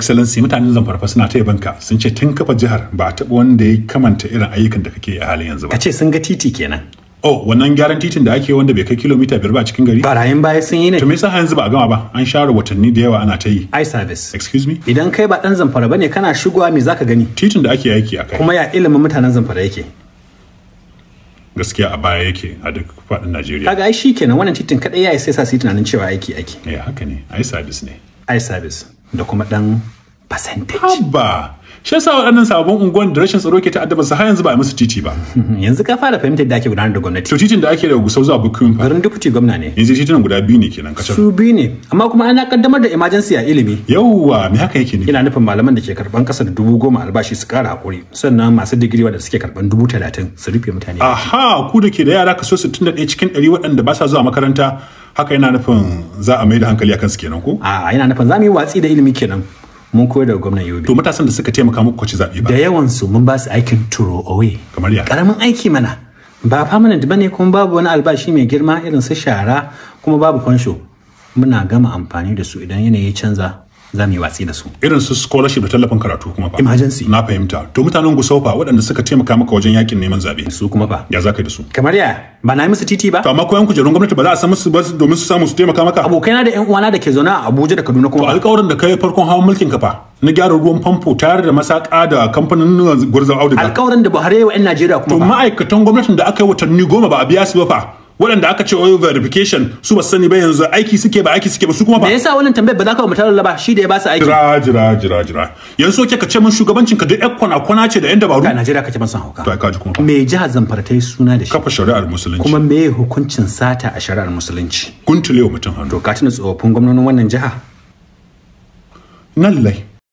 excellency mutanen zamfarfa suna ta banka sun ce tun kafa jihar ba a taɓa wanda ya kamanta irin ayyukan da kake a halin yanzu ba kace sun ga titi kenan oh wannan gyaran titin da ake wanda bai kai kilomita biyar ba cikin gari barayin baya sun yi ne to me yasa yanzu ba a gama ba an share watanni da yawa ana ta yi i service excuse me idan kai ba dan zamfara ne kana shigowa me zaka gani titin da ake aiki a kai. kuma ya ilimin mutanen zamfara yake gaskiya a baya yake a duk faɗin Najeriya. Kaga ai kenan wannan titin kaɗai ya isa sa su tunanin cewa aiki aiki. Eh haka ne, i service ne. i service. da kuma ɗan percentage haba shi yasa waɗannan sabon unguwan da rashin tsaro ke ta'addaba su har yanzu ba a musu titi ba yanzu ka fara fahimtar da ake gudanar da gwamnati to titin da ake da gusau zuwa bukkun fa garin dukuti gwamna ne yanzu titunan guda biyu ne kenan kacal su biyu ne amma kuma ana kaddamar da emergency a ilimi yawwa me haka yake ne ina nufin malaman da ke karban kasa da dubu goma albashi su ƙara hakuri sannan masu digiri da suke karban dubu talatin su rufe mutane aha ku da ke da yara kaso sittin da ɗaya cikin ɗari waɗanda ba sa zuwa makaranta haka yana nufin za a mai da hankali akan su kenan ko a yana nufin za mu yi watsi da ilimi kenan mun koyar da gwamnan yobe to matasan da suka taimaka muku kwaci zaɓe ba da yawan su mun ba su aikin turo away kamar ya karamin aiki mana ba permanent bane kuma babu wani albashi mai girma irin su shara kuma babu fansho muna gama amfani da su idan yanayi canza za mu yi watsi da su irin su scholarship da tallafin karatu kuma fa emergency na fahimta to mutanen gusaufa waɗanda suka taimaka maka wajen yakin neman zabe su kuma fa ya za ka yi da su kamar ya ba na yi musu titi ba to amma koyan kujerun gwamnati ba za a san musu ba domin su samu su taimaka maka abokaina da ƴan uwana da ke zaune a Abuja da Kaduna kuma to alƙawarin da kai farkon hawan mulkin ka fa na gyara ruwan famfo tare da masaka da kamfanin gwarzon auduga alƙawarin da Buhari ya yi wa 'yan Najeriya kuma to ma'aikatan gwamnatin da aka yi watanni goma ba a biya su ba fa waɗanda aka ce oil verification su ba sani ba yanzu aiki suke ba aiki suke ba su kuma ba me yasa wannan tambayar ba za ka tarar ba shi da ya ba su aiki jira jira jira jira yanzu ke ka ce min shugabancin ka duk ekwana kwana ce da yan dabaru ka Najeriya ka ce masa hauka to ka ji kuma me jiha Zamfara ta yi suna da shi kafa shari'ar musulunci kuma me hukuncin sata a shari'ar musulunci guntule wa mutum hannu to ka tuna tsofaffin gwamnonin wannan jiha nan lai.